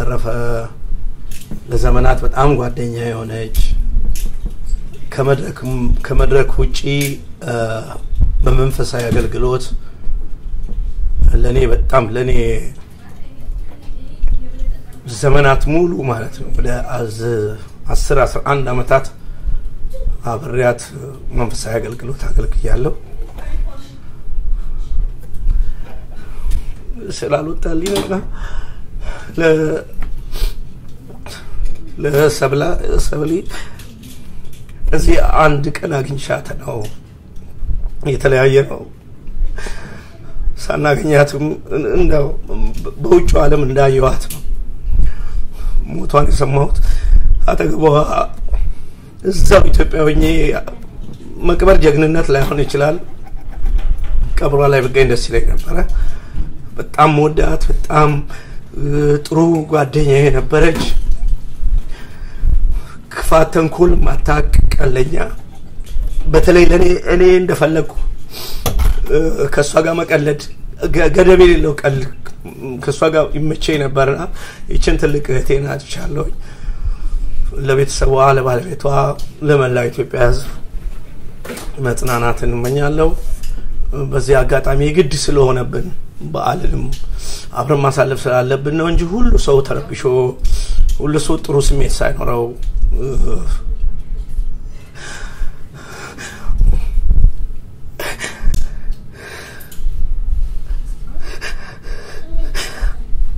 ተረፈ ለዘመናት በጣም ጓደኛ የሆነች ከመድረክ ውጪ በመንፈሳዊ አገልግሎት ለእኔ በጣም ለእኔ ዘመናት ሙሉ ማለት ነው ወደ አስር አስራ አንድ ዓመታት አብሬያት መንፈሳዊ አገልግሎት አገልግያለሁ። ስላልወጣልኝ ነው ሰብሊ እዚህ አንድ ቀን አግኝቻት ነው የተለያየ ነው። ሳናገኛትም እንደው በውጭ ዓለም እንዳየዋት ነው ሞቷን የሰማሁት። አጠገቧ እዛው ኢትዮጵያ ሆኜ መቅበር ጀግንነት ላይሆን ይችላል፣ ቀብሯ ላይ ብገኝ ደስ ይለኝ ነበረ። በጣም መወዳት በጣም ጥሩ ጓደኛ የነበረች ክፋት፣ ተንኮል ማታቅ ቀለኛ፣ በተለይ ለእኔ እኔ እንደፈለግኩ ከእሷ ጋር መቀለድ ገደብ የሌለው ቀል ከእሷ ጋር ይመቸኝ ነበርና ይችን ትልቅ እህቴን አጥቻለሁኝ። ለቤተሰቧ፣ ለባለቤቷ፣ ለመላው ኢትዮጵያ ሕዝብ መጽናናትን እንመኛለሁ። በዚህ አጋጣሚ ግድ ስለሆነብን በዓልንም አብረን ማሳለፍ ስላለብን ነው እንጂ ሁሉ ሰው ተረብሾ ሁሉ ሰው ጥሩ ስሜት ሳይኖረው